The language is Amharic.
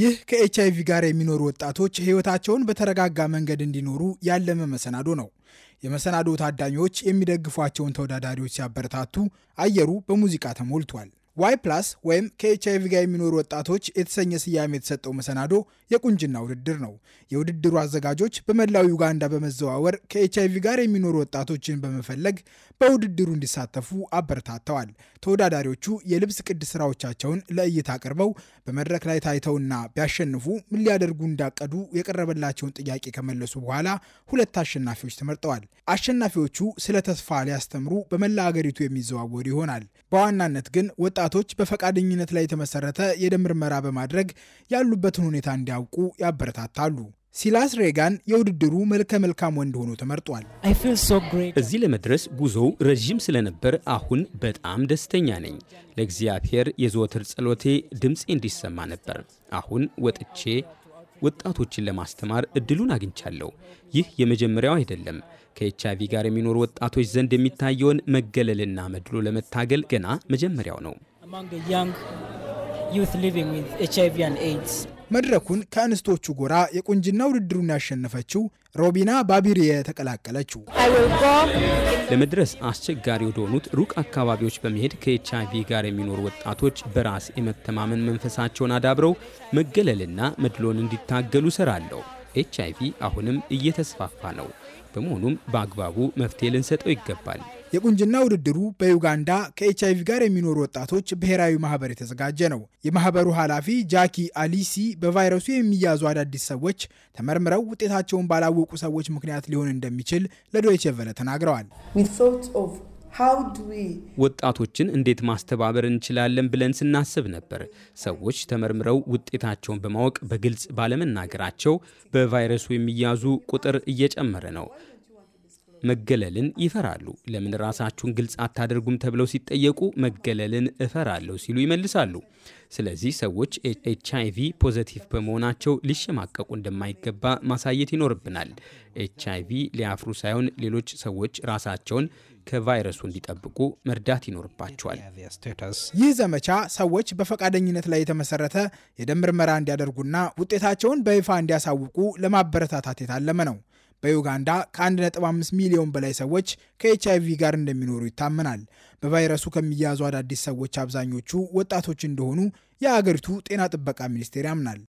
ይህ ከኤች አይቪ ጋር የሚኖሩ ወጣቶች ህይወታቸውን በተረጋጋ መንገድ እንዲኖሩ ያለመ መሰናዶ ነው። የመሰናዶ ታዳሚዎች የሚደግፏቸውን ተወዳዳሪዎች ሲያበረታቱ አየሩ በሙዚቃ ተሞልቷል። ዋይ ፕላስ ወይም ከኤች አይቪ ጋር የሚኖሩ ወጣቶች የተሰኘ ስያሜ የተሰጠው መሰናዶ የቁንጅና ውድድር ነው። የውድድሩ አዘጋጆች በመላው ዩጋንዳ በመዘዋወር ከኤች አይቪ ጋር የሚኖሩ ወጣቶችን በመፈለግ በውድድሩ እንዲሳተፉ አበረታተዋል። ተወዳዳሪዎቹ የልብስ ቅድ ስራዎቻቸውን ለእይታ አቅርበው በመድረክ ላይ ታይተውና ቢያሸንፉ ምን ሊያደርጉ እንዳቀዱ የቀረበላቸውን ጥያቄ ከመለሱ በኋላ ሁለት አሸናፊዎች ተመርጠዋል። አሸናፊዎቹ ስለ ተስፋ ሊያስተምሩ በመላ አገሪቱ የሚዘዋወሩ ይሆናል። በዋናነት ግን ወጣ ወጣቶች በፈቃደኝነት ላይ የተመሰረተ የደም ምርመራ በማድረግ ያሉበትን ሁኔታ እንዲያውቁ ያበረታታሉ። ሲላስ ሬጋን የውድድሩ መልከ መልካም ወንድ ሆኖ ተመርጧል። እዚህ ለመድረስ ጉዞው ረዥም ስለነበር አሁን በጣም ደስተኛ ነኝ። ለእግዚአብሔር የዘወትር ጸሎቴ ድምፄ እንዲሰማ ነበር። አሁን ወጥቼ ወጣቶችን ለማስተማር እድሉን አግኝቻለሁ። ይህ የመጀመሪያው አይደለም። ከኤች አይቪ ጋር የሚኖሩ ወጣቶች ዘንድ የሚታየውን መገለልና መድሎ ለመታገል ገና መጀመሪያው ነው። መድረኩን ከእንስቶቹ ጎራ የቁንጅና ውድድሩን ያሸነፈችው ሮቢና ባቢር የተቀላቀለችው ለመድረስ አስቸጋሪ ወደሆኑት ሩቅ አካባቢዎች በመሄድ ከኤች አይቪ ጋር የሚኖሩ ወጣቶች በራስ የመተማመን መንፈሳቸውን አዳብረው መገለልና መድሎን እንዲታገሉ ሰራለሁ። ኤች አይቪ አሁንም እየተስፋፋ ነው። በመሆኑም በአግባቡ መፍትሄ ልንሰጠው ይገባል። የቁንጅና ውድድሩ በዩጋንዳ ከኤች አይቪ ጋር የሚኖሩ ወጣቶች ብሔራዊ ማህበር የተዘጋጀ ነው። የማህበሩ ኃላፊ ጃኪ አሊሲ በቫይረሱ የሚያዙ አዳዲስ ሰዎች ተመርምረው ውጤታቸውን ባላወቁ ሰዎች ምክንያት ሊሆን እንደሚችል ለዶይቼ ቬለ ተናግረዋል። ወጣቶችን እንዴት ማስተባበር እንችላለን ብለን ስናስብ ነበር። ሰዎች ተመርምረው ውጤታቸውን በማወቅ በግልጽ ባለመናገራቸው በቫይረሱ የሚያዙ ቁጥር እየጨመረ ነው። መገለልን ይፈራሉ። ለምን ራሳችሁን ግልጽ አታደርጉም ተብለው ሲጠየቁ መገለልን እፈራለሁ ሲሉ ይመልሳሉ። ስለዚህ ሰዎች ኤች አይ ቪ ፖዘቲቭ በመሆናቸው ሊሸማቀቁ እንደማይገባ ማሳየት ይኖርብናል። ኤች አይ ቪ ሊያፍሩ ሳይሆን ሌሎች ሰዎች ራሳቸውን ከቫይረሱ እንዲጠብቁ መርዳት ይኖርባቸዋል። ይህ ዘመቻ ሰዎች በፈቃደኝነት ላይ የተመሰረተ የደም ምርመራ እንዲያደርጉና ውጤታቸውን በይፋ እንዲያሳውቁ ለማበረታታት የታለመ ነው። በዩጋንዳ ከ1.5 ሚሊዮን በላይ ሰዎች ከኤችአይቪ ጋር እንደሚኖሩ ይታመናል። በቫይረሱ ከሚያዙ አዳዲስ ሰዎች አብዛኞቹ ወጣቶች እንደሆኑ የአገሪቱ ጤና ጥበቃ ሚኒስቴር ያምናል።